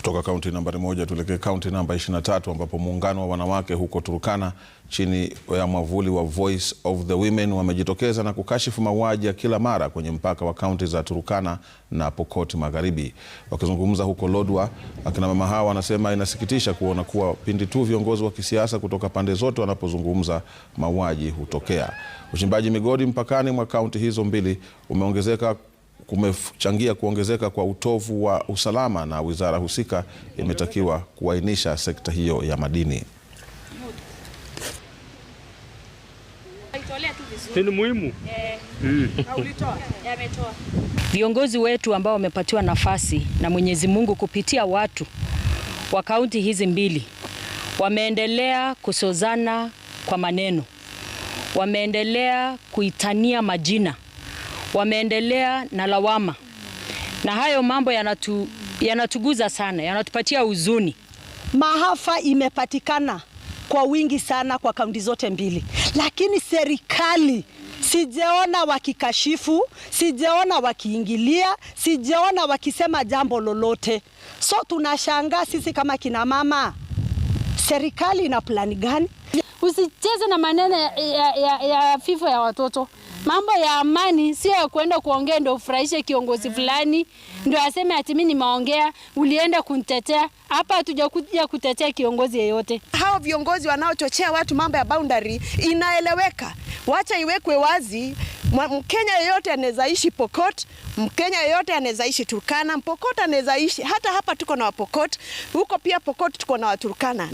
Kutoka kaunti nambari moja tuelekee kaunti namba 23 ambapo muungano wa wanawake huko Turkana chini ya mwavuli wa Voice of the Women wamejitokeza na kukashifu mauaji ya kila mara kwenye mpaka wa kaunti za Turkana na Pokot Magharibi. Wakizungumza huko Lodwar, akina mama hawa wanasema inasikitisha kuona kuwa pindi tu viongozi wa kisiasa kutoka pande zote wanapozungumza, mauaji hutokea. Uchimbaji migodi mpakani mwa kaunti hizo mbili umeongezeka kumechangia kuongezeka kwa utovu wa usalama na wizara husika imetakiwa kuainisha sekta hiyo ya madini. Viongozi wetu ambao wamepatiwa nafasi na Mwenyezi Mungu kupitia watu wa kaunti hizi mbili wameendelea kusozana kwa maneno, wameendelea kuitania majina wameendelea na lawama, na hayo mambo yanatu, yanatuguza sana, yanatupatia huzuni. Maafa imepatikana kwa wingi sana kwa kaunti zote mbili, lakini serikali sijaona wakikashifu, sijaona wakiingilia, sijaona wakisema jambo lolote. So tunashangaa sisi kama kina mama, serikali ina plani gani? Usicheze na maneno ya, ya, ya, ya FIFA ya watoto. Mambo ya amani sio ya kuenda kuongea ndo ufurahishe kiongozi fulani, ndio aseme ati mi nimeongea, ulienda kumtetea Hapa hatujakuja kutetea kiongozi yeyote. Hao viongozi wanaochochea watu mambo ya boundary inaeleweka, wacha iwekwe wazi. Mkenya yeyote anaweza ishi Pokot, Mkenya yeyote anaweza ishi Turkana, Pokot anaweza ishi hata hapa. Tuko na Wapokot huko, pia Pokot tuko na Waturkana.